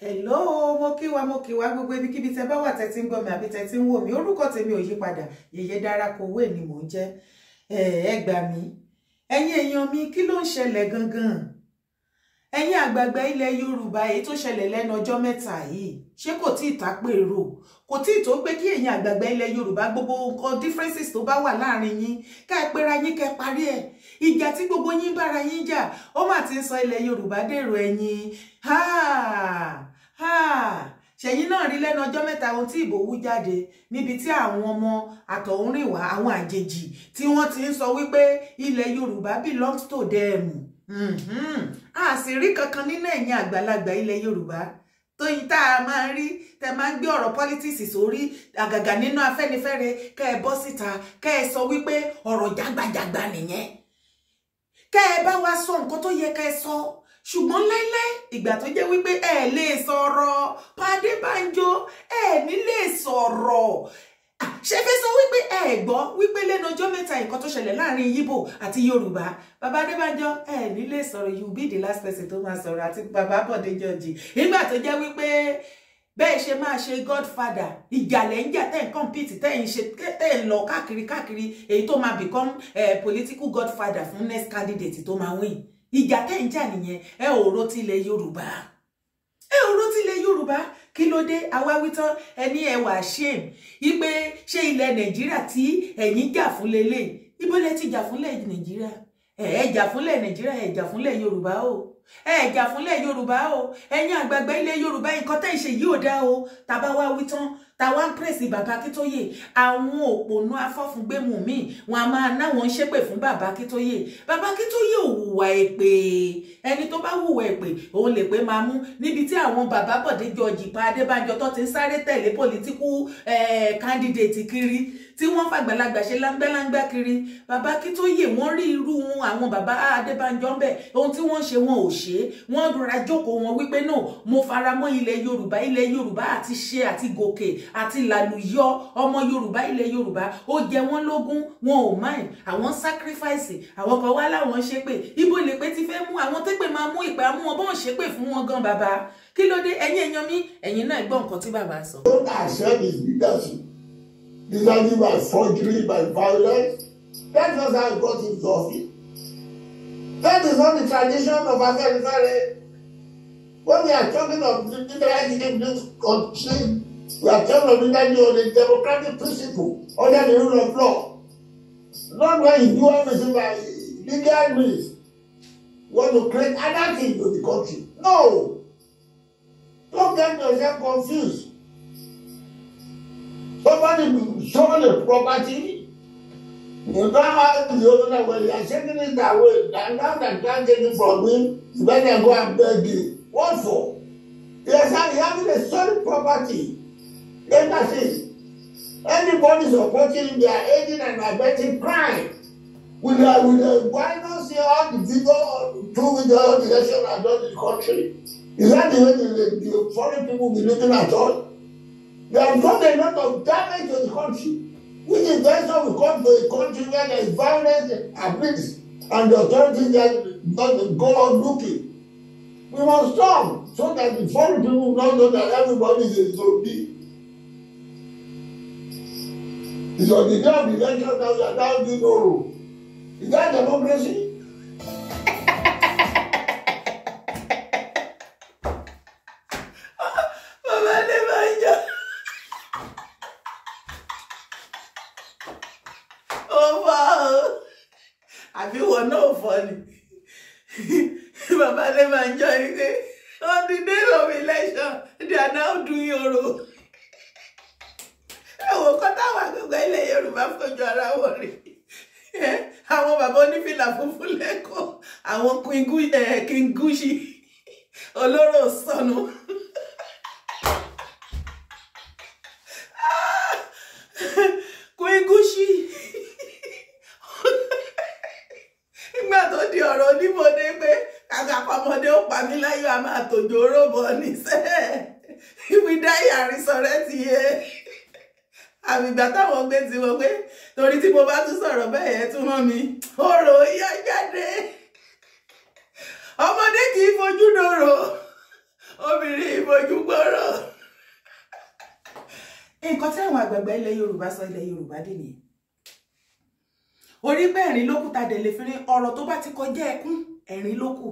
hello mo kí wa mo kí wa gbogbo ibikíbi tẹ bá wà tẹ ti ń gbọ́ mi àbí tẹ ti ń wò mí orúkọ tèmi ò yí padà yèyé dára kowó èmi mò ń jẹ ẹ gbà mí ẹ̀yin èèyàn mi kí ló ń ṣẹlẹ̀ gangan ẹ̀yin àgbààgbà ilẹ̀ yorùbá èyí tó ṣẹlẹ̀ lẹ́nu ọjọ́ mẹ́ta yìí ṣé kò tí ì tápèrò kò tí ì tó pé kí ẹ̀yin àgbààgbà ilẹ̀ yorùbá gbogbo nǹkan differences tó bá wà láàrin yín ká ẹ pera yín kẹ́ parí ẹ̀ ìjà tí gbogbo yín bára yín jà ó mà ti ń sọ ilẹ̀ yorùbá dèrò ẹ̀yìn háà ṣẹ̀yìn náà rí lẹ́nu ọjọ́ mẹ́ta ohun tí ìbò wú jáde níbi tí àwọn ọmọ àtọ̀húnrìnwá àwọn àjèjì tí wọ́n ti ń sọ wípé ilẹ̀ Yorùbá belongs to them àṣírí mm-hmm. kankan nínú ẹ̀yìn àgbàlagbà ilẹ̀ Yorùbá tóyin tá a máa ń rí tẹ máa ń gbé ọ̀rọ̀ politics sórí àgàgà nínú Afẹ́nifẹ́re kẹ́ ẹ bọ́ síta kẹ́ ẹ sọ wípé ọ̀rọ̀ jágbajàgba nìyẹn kẹ́ ẹ bá wa sọ nǹkan tó yẹ kẹ́ ẹ sọ ṣùgbọ́n láíláí ìgbà tó jẹ́ wípé ẹ lè sọ̀rọ̀ pàdé banjo ẹ ní lè sọ̀rọ̀ ṣe fẹ́ sọ wípé ẹ gbọ́ wípé lẹ́nu ọjọ́ mẹ́ta nǹkan tó ṣẹlẹ̀ láàrin yíbò àti yorùbá bàbá adébánjọ ẹ nílé sọ̀rọ̀ you be the last person tó máa sọ̀rọ̀ àti bàbá bọ̀dé jọjì nígbà tó jẹ́ wípé bẹ́ẹ̀ ṣe máa ṣe godfather ìjàlẹ̀ ń jà tẹ́ ń compete tẹ́ ń ṣe tẹ́ ń lọ káàkiri káàkiri èyí tó máa become eh, political godfather fún next candidate tó máa win ìjà tẹ́ ń jà nìyẹn ẹ ò ro tilẹ̀ yorùbá ẹ ò ro tilẹ̀ yorùbá kí ló dé awáwítán ẹni ẹwà shame ipe ṣé ilẹ̀ nàìjíríà tí ẹ̀yin jà fún lélẹ̀ ibo ti jà fúnlẹ̀ nàìjíríà ẹ̀ ẹ̀ jà fúnlẹ̀ nàìjíríà ẹ̀ jà fúnlẹ̀ yorùbá o ẹ jà fúnlẹ̀ yorùbá o ẹ̀yin àgbààgbà ilẹ̀ yorùbá nǹkan tẹ́ ń ṣe yìí ò dáa o tàbá wá wí táwa ń pèsè bàbá Akíntóyè àwọn òpònú afọ́fúngbẹ́mù míì wọn a máa náwọn ṣépè fún bàbá Akíntóyè bàbá Akíntóyè ò hùwà èpè ẹni tó bá hùwà èpè òun lè pé máa mú níbi tí àwọn bàbá Bọ̀dé George Ìbà Adébánjọ tó ti ń sáré tẹ̀lé pòlítíkù eh, candidate kiri tí wọ́n fàgbàlagbà ṣe láńgbẹ́láńgbẹ́ kiri bàbá kí tó yè wọ́n rí irú àwọn bàbá Adébánjọ ń bẹ̀ ohun tí wọ́n ṣe wọn ò ṣe wọ́n rọra jókòó wọn wípé náà mo fara mọ́ ilẹ̀ Yorùbá ilẹ̀ Yorùbá àti ṣe àti gòkè àti làlùyọ ọmọ Yorùbá ilẹ̀ Yorùbá ó jẹ wọ́n lógún wọn ò mind àwọn sacrifice àwọn kan wá láwọn ṣépè ibo lè pé ti fẹ́ mú àwọn tẹ́pẹ̀ máa mú ìpè amú wọn bọ́n ṣépè fún wọn gan bàbá kí ló dé ẹ̀yin èèyàn mi ẹ̀yin náà gbọ́ nǹkan tí bàbá sọ. ó dà sẹ́ni ìgbésùn designing by surgery, by violence. That's not how got into office. That is not the tradition of Afghanistan. When we are talking of liberalizing this country, we are talking of liberty on a democratic principle under the rule of law. Not when you do everything by legal means. You want to create anarchy into the country. No! Don't get yourself confused. Somebody sold a property. You don't have the owner when you are taking it that way, And now that can't get it from him, you better go and beg him. What for? Yes, I having a solid property. Then that's it. Anybody supporting are aiding and abetting crime. With the, uh, with the, uh, why not see all the people uh, through with the election and all the country? Is that the way the, the, the foreign people be looking at all? They have done a lot of damage to the country, which is why some we come to a country where there is violence ablaze and the authorities that not go on looking. We must stop so that the foreign people not know that everybody is a zombie. It's on the day of election that we are now doing no rule. Is that democracy? ni pé on the day of election they are now doing I will cut out oro ẹ̀wọ̀n kan táwọn àgbègbè I want my ara wọn rí full, bàbá onífìlà funfun lẹ́kọ̀ọ́ àwọn Oh Lord, son. a máa tòjò róbọ níṣẹ́ ìwé dáyà àrísọ̀rẹ́ ti yé àbìgbà táwọn gbé ti wọ pé torí tí mo bá tún sọ̀rọ̀ bẹ́ẹ̀ yẹn tún rán mi ọ̀rọ̀ yá jáde ọmọdé kì í fojú dòrò obìnrin ìfojú gbọ́rọ̀. nǹkan tí àwọn àgbààgbà ilẹ̀ yorùbá sọ ilẹ̀ yorùbá dì nìyẹn orí bẹ́ẹ̀rín lókùtà délé fínrín ọ̀rọ̀ tó bá ti kọjá ẹkún ẹ̀rín lókù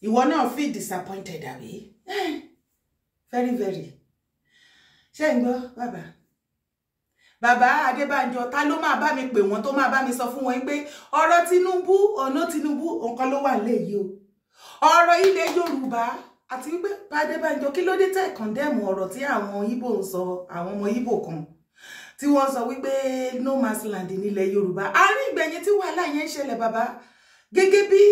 You will not feel disappointed Abby. Eh, very very ṣé baba. Baba, bàbá bàbá Adébánjọ ta ló máa bá mi pè wọ́n tó máa bá mi sọ fún wọn pé ọ̀rọ̀ Tinubu ọ̀nà Tinubu nǹkan ló wà lẹ́yìí o ọ̀rọ̀ ilẹ̀ Yorùbá àti wípé Adébánjọ kí ló dé tẹ̀ kọ̀ndẹ́mù ọ̀rọ̀ tí àwọn Ìgbò ń sọ àwọn ọmọ Ìgbò kan tí wọ́n sọ wípé no man's land nílẹ̀ ruba. Ari ìgbẹ̀yìn tí wàhálà yẹn ń ṣẹlẹ̀ bàbá gẹ́gẹ́ bí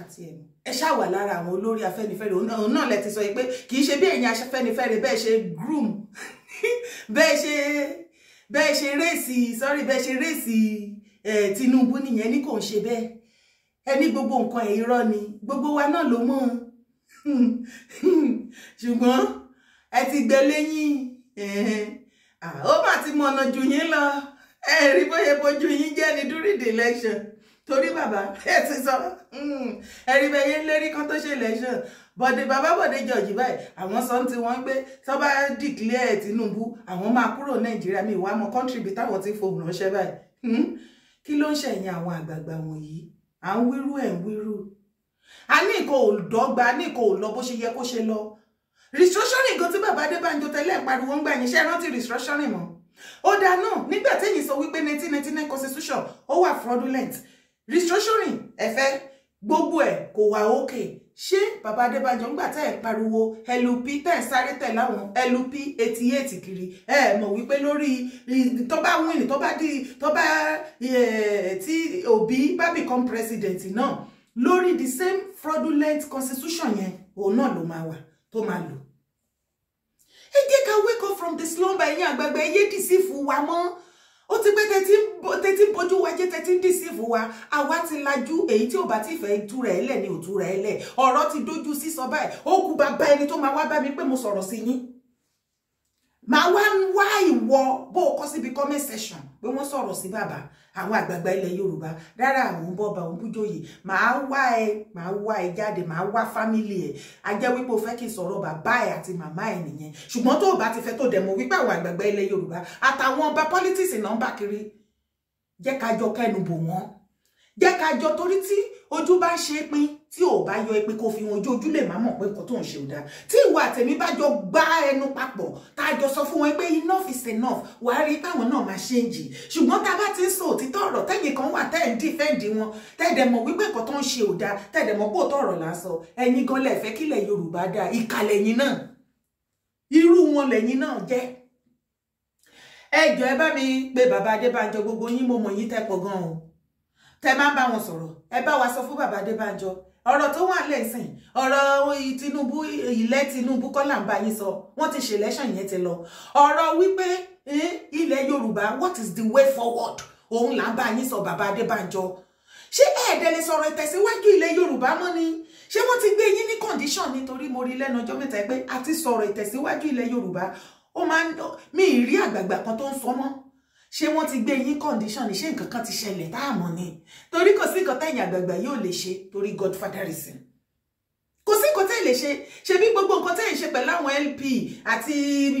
àti ẹ̀mí ẹ ṣàwà lára àwọn olórí afẹ́nifẹ́re òun náà lẹ ti sọ yìí pé kì í ṣe bí ẹ̀yin afẹ́nifẹ́re bẹ́ẹ̀ ṣe groom bẹ́ẹ̀ ṣe bẹ́ẹ̀ ṣe réèsì sorry bẹ́ẹ̀ ṣe réèsì Tinubu nìyẹn ní kò ń ṣe bẹ́ẹ̀ ẹni gbogbo nǹkan ẹ̀ irọ́ ni gbogbo wa náà ló mọ̀ ṣùgbọ́n ẹ ti gbẹ lẹ́yìn ó mà ti mọ̀nà jù yín lọ ẹ rí bóyá bojú yín jẹ́ ní during the election torí bàbá ẹ ti sọ hmm, ẹrí bẹyẹ lérí kan tó ṣe election bọ̀dé bàbá bọ̀dé jọ̀jì báyìí àwọn sọ ti wọ́n gbé tó bá dìklẹ́ Tinubu àwọn máa kúrò Nàìjíríà mi ìwà ọmọ kọ́ńtì bí táwọn ti fohùn ránṣẹ́ báyìí hmm, kí ló ń ṣẹ̀yìn àwọn àgbààgbà wọ̀nyí à ń wírú ẹ̀ ń wírú a ní nǹkan ò dọ́gba a ní nǹkan ò lọ bó ṣe yẹ kó ṣe lọ restructuring gan tí bàbá Adébánjọ tẹ́lẹ̀ pariwo ń gbà yín ṣe rántí restructuring mọ́ ó dáa náà nígbà téèyàn sọ wípé 1999 constitution ó wà fraudulent restructuring ẹ̀fẹ́ gbogbo ẹ̀ kò wà òkè ṣé bàbá Adébánjọ ńgbà tẹ́ ẹ̀ pariwo LP tẹ́ ẹ̀ sáré tẹ̀ láwọn LP eighty eight kiri ẹ mọ̀ wípé lórí tó bá win tó bá di tó bá tí Obi bá become president náà lórí the same fraudulent constitution yẹn òun náà ló máa wà tó máa lò ẹ jẹ́ ká wake up from the slumber ẹ̀yin àgbàgbà ẹ yé dìsí fún wa mọ́ ti pé tẹ́tí ń bójú wa jẹ́ tẹ́tí ń dìsífù wa àwa ti lajú èyí tí ò bá ti fẹ́ tú rẹ̀ ẹlẹ̀ ni ò tú rẹ̀ ẹlẹ̀ ọ̀rọ̀ ti dójú sísọ báyìí ó kú bàbá ẹni tó máa wá bá mi pé mo sọ̀rọ̀ sí yín ìwọ bó o kọ síbi comment section pé wọ́n sọ̀rọ̀ sí bàbá àwọn àgbààgbà ilẹ̀ yorùbá rárá òun bọba òun bújòyè màá wá ẹ màá wá ẹ jáde màá wá fámìlì ẹ a jẹ́ wípé o fẹ́ kí n sọ̀rọ̀ bàbá ẹ àti màmá ẹ nìyẹn ṣùgbọ́n tó o bá ti fẹ́ tó dẹ̀ mọ̀ wípé àwọn àgbààgbà ilẹ̀ yorùbá àtàwọn ọba politics in number bà kiri jẹ́ ká jọ kẹnu bò wọ́n jẹ́ ká jọ torí tí ojú bá ń pin tí ò bá yọ epe kó fi wọn ojú lè má mọ̀ pé nǹkan tó ń ṣe ò dáa tí ìwà àtẹ̀mí bá jọ gbá ẹnu papọ̀ tá a jọ sọ fún wọn pé enough is enough wàá rí táwọn náà máa ṣe ń jì ṣùgbọ́n tá a bá ti ń sọ òtítọ́ ọ̀rọ̀ tẹ́yìn kan wà tẹ́ẹ̀ ń dífẹ́ǹdì wọn tẹ́ẹ̀dẹ̀ mọ̀ wípé nǹkan tó ń ṣe ò dáa tẹ́ẹ̀dẹ̀ mọ̀ pòótọ́ ọ̀rọ̀ là ń sọ ẹ̀yin gan lẹ̀ fẹ́ kílẹ̀ Yorùbá dáa ìkàlẹ̀ yín náà irú wọn lẹ̀yin náà jẹ́ ẹjọ́ ẹ bá mi pé bàbá Adébánjọ gbogbo yín mo mọ̀ yín tẹ́ pọ̀ gan-an tẹ́ máa ń bá wọn sọ̀rọ̀ ẹ bá wa sọ fún bàbá Adébánjọ ọ̀rọ̀ tó wà lẹ́sìn ọ̀rọ̀ Tinubu ilẹ̀ Tinubu kọ́là ń bá yín sọ wọ́n ti ṣe election yẹn ti lọ ọ̀rọ̀ wípé ilẹ̀ Yorùbá what is the way forward òun là ń bá yín sọ bàbá Adébánjọ ṣé ẹ̀ẹ́dẹ́ lè sọ̀rọ̀ ìtẹ̀síwájú ilẹ̀ Yorùbá mọ́ ni ṣé wọ́n ti gbé yín ní condition nítorí mo rí lẹ́nu ọjọ́ mẹ́ta pé àti sọ̀rọ̀ ìtẹ̀síwájú ilẹ̀ Yorùbá ó máa ń mi ì rí àgbààgbà kan tó ń sọ mọ́ ṣé wọ́n ti gbé yín condition ni ṣé nǹkan kan ti ṣẹlẹ̀ táàmù ni torí kò sí nǹkan tẹ̀yìn àgbààgbà yóò lè ṣe torí godfatherism tẹ́ lè ṣe ṣe bí gbogbo nǹkan tẹ́ ṣe pẹ̀lú àwọn LP àti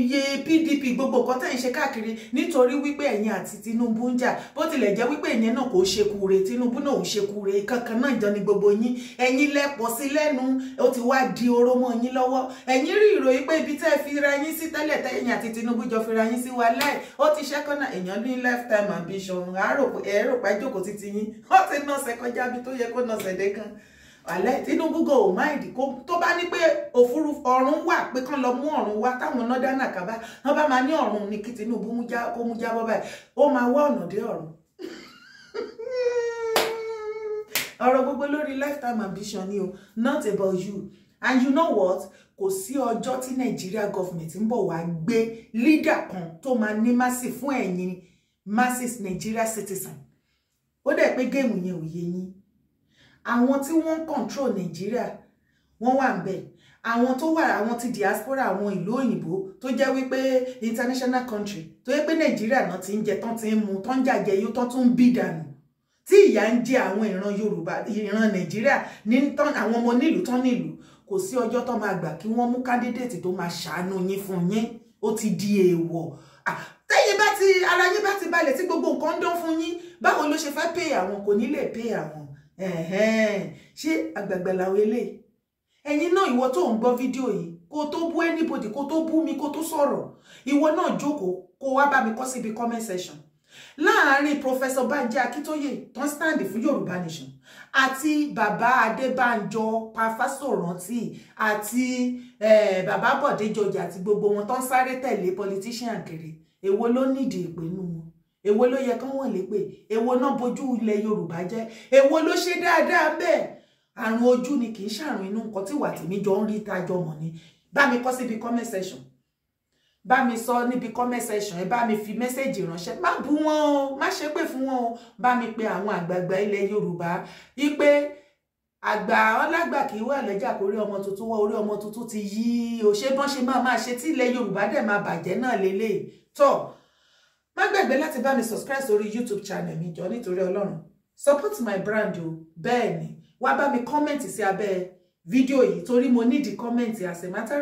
iye PDP gbogbo nǹkan tẹ́ ń ṣe káàkiri nítorí wípé ẹ̀yin àti Tinubu ń jà bó tilẹ̀ jẹ́ wípé ìyẹn náà kò ṣe kure Tinubu náà ò ṣe kure kankan náà jọ ni gbogbo yín ẹ̀yin lẹ́pọ̀ sí lẹ́nu ó ti wá di oró mọ́ yín lọ́wọ́ ẹ̀yin rí ìròyìn pé ibi tẹ́ fi ra yín sí tẹ́lẹ̀ tẹ́ ẹ̀yin àti Tinubu jọ fi ra yín sí wa láì ó ti lifetime ambition ẹ̀rọ pẹ́jọ́kọ̀ títí yín ó ti nọ́ọ̀sẹ̀ kọjá bí alẹ́ Tinubu go ò máìdì kó tó bá ní pé òfurufú ọ̀run wà pé kán lọ mú ọ̀run wá táwọn náà dáná kábá wọn bá máa ní ọ̀run ní kí Tinubu kó mú jábọ́ báyìí ó máa wá ọ̀nà dé ọ̀run ọ̀rọ̀ gbogbo lórí lifetime ambition ni o not about you and you know what kò sí ọjọ́ tí Nigeria government ń bọ̀ wá gbé leader kan tó máa ní mercy fún ẹ̀yin masses Nigeria citizen ó dẹ̀ pé géèmù yẹn ò yé yín àwọn tí wọ́n ń control Nigeria, wọ́n wà ń bẹ̀ àwọn tó wà àwọn ti diaspora àwọn ìlú òyìnbó tó jẹ́ wípé international country tó yẹ pé nàìjíríà náà ti ń jẹ tán ti ń mu tán ń jàjẹ yó tán tún ń bí dànù tí ìyà ń jẹ àwọn ìran yorùbá ìran Nigeria. ní tán àwọn ọmọ nílùú tán nílùú kò sí ọjọ́ tán máa gbà kí wọ́n mú kádídéètì tó máa ṣàánú yín fún yín ó ti di èèwọ̀ tẹ́yìn bá ti ara yín bá ti balẹ̀ tí gbogbo nǹkan ń dán fún yín báwo ló ṣe fẹ́ pay àwọn kò ní lè pay àwọn ṣé àgbàgbà làwọn eléyìí ẹ̀yin náà ìwọ tó ń gbọ́ fídíò yìí kó tó bú anybody kó tó bú mi kó tó sọ̀rọ̀ ìwọ náà jókòó kó wá bá mi kọ síbi comment section láàárín professor Banji Akíntóyè tó ń stand fún Yorùbá nation àti bàbá Adébánjọ Pafásòrántì àti eh, bàbá Bọ̀dé George àti gbogbo wọn tó ń sáré tẹ̀lé politician kiri èwo ló nídìí ìpinnu wọn èwo ló yẹ kán wọ̀n lépè èwo náà bojú ilẹ̀ yorùbá jẹ́ èwo ló ṣe dáadáa bẹ́ẹ̀ àrùn ojú ni kì í ṣàrùn inú nǹkan tí ìwà tèmi jọ ń rí tájọ mọ̀ ni bá mi kọ síbi comment section bá mi sọ níbi comment section ẹ bá mi fi mẹ́sẹ̀jì ránṣẹ́ má bú wọn o má ṣépè fún wọn o bá mi pe àwọn àgbààgbà ilẹ̀ yorùbá ipe àgbà ọlágbà kì í wà lọ́jà kó rí ọmọ tuntun wọ orí ọmọ tuntun ti yí o ṣé bọ́n ṣe máa máa ṣe tí ilẹ̀ yorùbá dẹ̀ máa bàjẹ́ náà lélẹ̀ tọ́ gbàgbé láti bá mi subscribe sórí youtube channel mi jọ nítorí ọlọ́run support my brand o bẹ́ẹ̀ ni wá bá mi kọ́mẹ̀ntì sí abẹ́ fídíò yìí torí mo nídìí kọ́mẹ̀ntì as a matter of